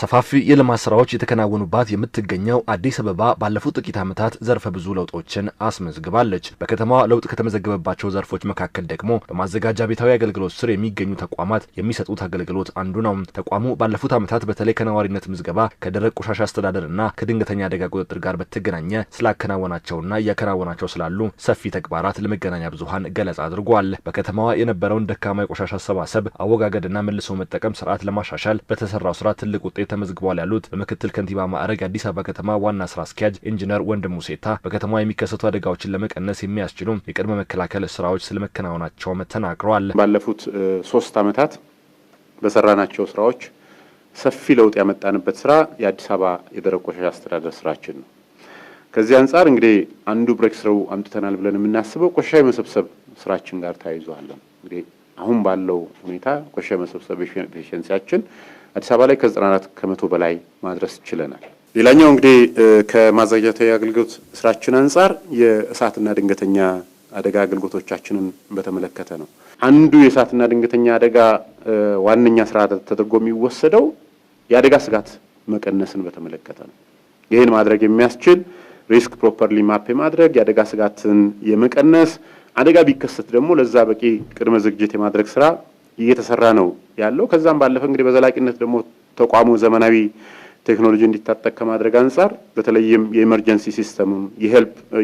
ሰፋፊ የልማት ስራዎች የተከናወኑባት የምትገኘው አዲስ አበባ ባለፉት ጥቂት ዓመታት ዘርፈ ብዙ ለውጦችን አስመዝግባለች። በከተማዋ ለውጥ ከተመዘገበባቸው ዘርፎች መካከል ደግሞ በማዘጋጃ ቤታዊ አገልግሎት ስር የሚገኙ ተቋማት የሚሰጡት አገልግሎት አንዱ ነው። ተቋሙ ባለፉት ዓመታት በተለይ ከነዋሪነት ምዝገባ፣ ከደረቅ ቆሻሻ አስተዳደር እና ከድንገተኛ አደጋ ቁጥጥር ጋር በተገናኘ ስላከናወናቸውና እያከናወናቸው ስላሉ ሰፊ ተግባራት ለመገናኛ ብዙሃን ገለጻ አድርጓል። በከተማዋ የነበረውን ደካማ የቆሻሻ አሰባሰብ አወጋገድና መልሶ መጠቀም ስርዓት ለማሻሻል በተሰራው ስራ ትልቅ ውጤት ተመዝግበዋል ያሉት በምክትል ከንቲባ ማዕረግ አዲስ አበባ ከተማ ዋና ስራ አስኪያጅ ኢንጂነር ወንድሙ ሴታ በከተማ የሚከሰቱ አደጋዎችን ለመቀነስ የሚያስችሉ የቅድመ መከላከል ስራዎች ስለመከናወናቸው ተናግረዋል። ባለፉት ሶስት አመታት በሰራናቸው ስራዎች ሰፊ ለውጥ ያመጣንበት ስራ የአዲስ አበባ የደረቅ ቆሻሻ አስተዳደር ስራችን ነው። ከዚህ አንጻር እንግዲህ አንዱ ብሬክ ስረው አምጥተናል ብለን የምናስበው ቆሻሻ የመሰብሰብ ስራችን ጋር ተያይዘዋለን። እንግዲህ አሁን ባለው ሁኔታ ቆሻሻ መሰብሰብ ኤፊሽንሲያችን አዲስ አበባ ላይ ከ94 ከመቶ በላይ ማድረስ ችለናል። ሌላኛው እንግዲህ ከማዘጋጃታዊ አገልግሎት ስራችን አንጻር የእሳትና ድንገተኛ አደጋ አገልግሎቶቻችንን በተመለከተ ነው። አንዱ የእሳትና ድንገተኛ አደጋ ዋነኛ ስራ ተደርጎ የሚወሰደው የአደጋ ስጋት መቀነስን በተመለከተ ነው። ይህን ማድረግ የሚያስችል ሪስክ ፕሮፐርሊ ማፕ የማድረግ የአደጋ ስጋትን የመቀነስ አደጋ ቢከሰት ደግሞ ለዛ በቂ ቅድመ ዝግጅት የማድረግ ስራ እየተሰራ ነው ያለው። ከዛም ባለፈ እንግዲህ በዘላቂነት ደግሞ ተቋሙ ዘመናዊ ቴክኖሎጂ እንዲታጠቅ ከማድረግ አንጻር በተለይም የኤመርጀንሲ ሲስተሙን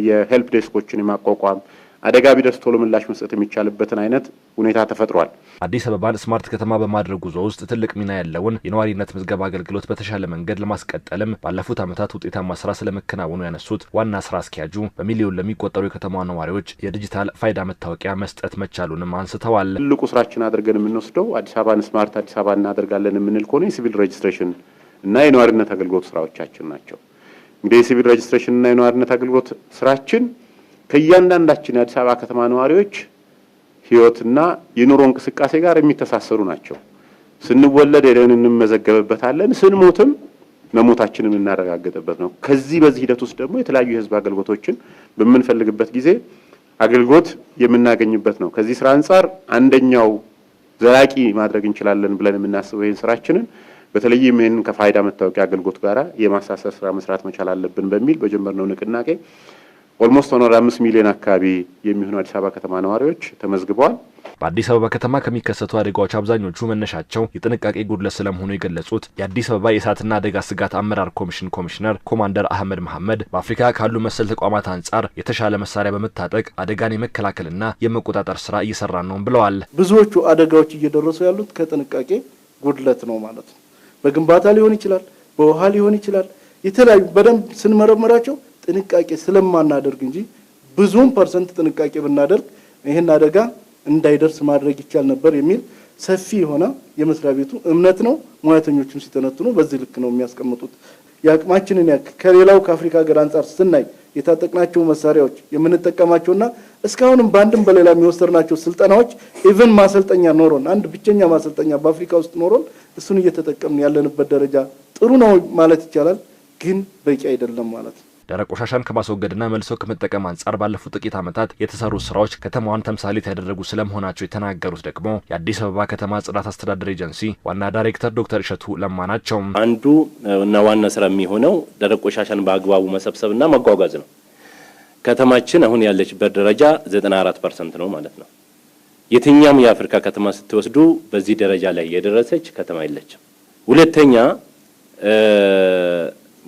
የሄልፕ ዴስኮችን የማቋቋም አደጋ ቢደርስ ቶሎ ምላሽ መስጠት የሚቻልበትን አይነት ሁኔታ ተፈጥሯል። አዲስ አበባን ስማርት ከተማ በማድረግ ጉዞ ውስጥ ትልቅ ሚና ያለውን የነዋሪነት ምዝገባ አገልግሎት በተሻለ መንገድ ለማስቀጠልም ባለፉት ዓመታት ውጤታማ ስራ ስለመከናወኑ ያነሱት ዋና ስራ አስኪያጁ በሚሊዮን ለሚቆጠሩ የከተማ ነዋሪዎች የዲጂታል ፋይዳ መታወቂያ መስጠት መቻሉንም አንስተዋል። ትልቁ ስራችን አድርገን የምንወስደው አዲስ አበባን ስማርት አዲስ አበባ እናደርጋለን የምንል ከሆነ የሲቪል ሬጅስትሬሽን እና የነዋሪነት አገልግሎት ስራዎቻችን ናቸው። እንግዲህ የሲቪል ሬጅስትሬሽን እና የነዋሪነት አገልግሎት ስራችን ከእያንዳንዳችን የአዲስ አበባ ከተማ ነዋሪዎች ህይወትና የኑሮ እንቅስቃሴ ጋር የሚተሳሰሩ ናቸው። ስንወለድ ሄደን እንመዘገብበታለን፣ ስንሞትም መሞታችንን የምናረጋግጥበት ነው። ከዚህ በዚህ ሂደት ውስጥ ደግሞ የተለያዩ የህዝብ አገልግሎቶችን በምንፈልግበት ጊዜ አገልግሎት የምናገኝበት ነው። ከዚህ ስራ አንጻር አንደኛው ዘላቂ ማድረግ እንችላለን ብለን የምናስበው ይህን ስራችንን በተለይም ይህንን ከፋይዳ መታወቂያ አገልግሎት ጋር የማሳሰር ስራ መስራት መቻል አለብን በሚል በጀመርነው ንቅናቄ ኦልሞስት ወደ አምስት ሚሊዮን አካባቢ የሚሆኑ አዲስ አበባ ከተማ ነዋሪዎች ተመዝግበዋል። በአዲስ አበባ ከተማ ከሚከሰቱ አደጋዎች አብዛኞቹ መነሻቸው የጥንቃቄ ጉድለት ስለመሆኑ የገለጹት የአዲስ አበባ የእሳትና አደጋ ስጋት አመራር ኮሚሽን ኮሚሽነር ኮማንደር አህመድ መሐመድ በአፍሪካ ካሉ መሰል ተቋማት አንጻር የተሻለ መሳሪያ በመታጠቅ አደጋን የመከላከልና የመቆጣጠር ስራ እየሰራ ነው ብለዋል። ብዙዎቹ አደጋዎች እየደረሱ ያሉት ከጥንቃቄ ጉድለት ነው ማለት ነው። በግንባታ ሊሆን ይችላል፣ በውሃ ሊሆን ይችላል። የተለያዩ በደንብ ስንመረምራቸው ጥንቃቄ ስለማናደርግ እንጂ ብዙም ፐርሰንት ጥንቃቄ ብናደርግ ይህን አደጋ እንዳይደርስ ማድረግ ይቻል ነበር የሚል ሰፊ የሆነ የመስሪያ ቤቱ እምነት ነው። ሙያተኞችም ሲተነትኑ በዚህ ልክ ነው የሚያስቀምጡት። የአቅማችንን ያክ ከሌላው ከአፍሪካ ሀገር አንጻር ስናይ የታጠቅናቸው መሳሪያዎች የምንጠቀማቸውና እስካሁንም በአንድም በሌላ የሚወሰድናቸው ስልጠናዎች ኢቨን ማሰልጠኛ ኖሮን አንድ ብቸኛ ማሰልጠኛ በአፍሪካ ውስጥ ኖሮን እሱን እየተጠቀምን ያለንበት ደረጃ ጥሩ ነው ማለት ይቻላል፣ ግን በቂ አይደለም ማለት ነው። ደረቅ ቆሻሻን ከማስወገድና መልሶ ከመጠቀም አንጻር ባለፉት ጥቂት ዓመታት የተሰሩ ስራዎች ከተማዋን ተምሳሌት ያደረጉ ስለመሆናቸው የተናገሩት ደግሞ የአዲስ አበባ ከተማ ጽዳት አስተዳደር ኤጀንሲ ዋና ዳይሬክተር ዶክተር እሸቱ ለማ ናቸው። አንዱ እና ዋና ስራ የሚሆነው ደረቅ ቆሻሻን በአግባቡ መሰብሰብና መጓጓዝ ነው። ከተማችን አሁን ያለችበት ደረጃ 94 ፐርሰንት ነው ማለት ነው። የትኛም የአፍሪካ ከተማ ስትወስዱ በዚህ ደረጃ ላይ የደረሰች ከተማ የለችም። ሁለተኛ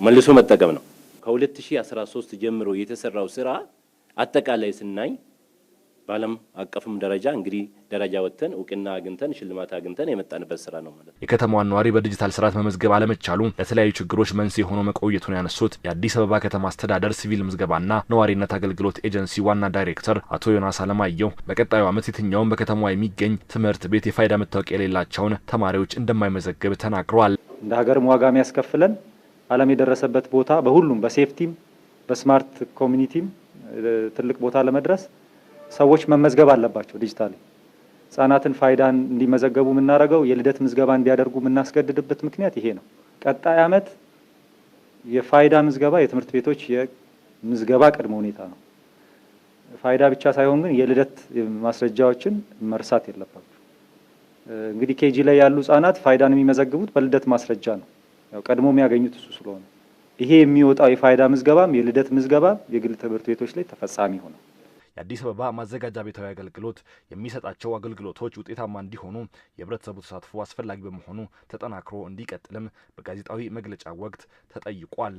መልሶ መጠቀም ነው። ከ2013 ጀምሮ የተሰራው ስራ አጠቃላይ ስናይ በዓለም አቀፍም ደረጃ እንግዲህ ደረጃ ወጥተን እውቅና አግኝተን ሽልማት አግኝተን የመጣንበት ስራ ነው ማለት ነው። የከተማዋን ነዋሪ በዲጂታል ስርዓት መመዝገብ አለመቻሉ ለተለያዩ ችግሮች መንስኤ ሆኖ መቆየቱን ያነሱት የአዲስ አበባ ከተማ አስተዳደር ሲቪል ምዝገባና ነዋሪነት አገልግሎት ኤጀንሲ ዋና ዳይሬክተር አቶ ዮናስ አለማየሁ በቀጣዩ ዓመት የትኛውም በከተማዋ የሚገኝ ትምህርት ቤት የፋይዳ መታወቂያ የሌላቸውን ተማሪዎች እንደማይመዘግብ ተናግረዋል። እንደ ሀገርም ዋጋ የሚያስከፍለን ዓለም የደረሰበት ቦታ በሁሉም በሴፍቲም በስማርት ኮሚኒቲም ትልቅ ቦታ ለመድረስ ሰዎች መመዝገብ አለባቸው። ዲጂታሊ ህጻናትን ፋይዳን እንዲመዘገቡ የምናደርገው የልደት ምዝገባ እንዲያደርጉ የምናስገድድበት ምክንያት ይሄ ነው። ቀጣይ ዓመት የፋይዳ ምዝገባ የትምህርት ቤቶች የምዝገባ ቅድመ ሁኔታ ነው። ፋይዳ ብቻ ሳይሆን ግን የልደት ማስረጃዎችን መርሳት የለባቸው። እንግዲህ ኬጂ ላይ ያሉ ህጻናት ፋይዳን የሚመዘግቡት በልደት ማስረጃ ነው። ያው ቀድሞ የሚያገኙት እሱ ስለሆነ ይሄ የሚወጣው የፋይዳ ምዝገባም የልደት ምዝገባም የግል ትምህርት ቤቶች ላይ ተፈጻሚ ሆነው የአዲስ አበባ ማዘጋጃ ቤታዊ አገልግሎት የሚሰጣቸው አገልግሎቶች ውጤታማ እንዲሆኑ የህብረተሰቡ ተሳትፎ አስፈላጊ በመሆኑ ተጠናክሮ እንዲቀጥልም በጋዜጣዊ መግለጫ ወቅት ተጠይቋል።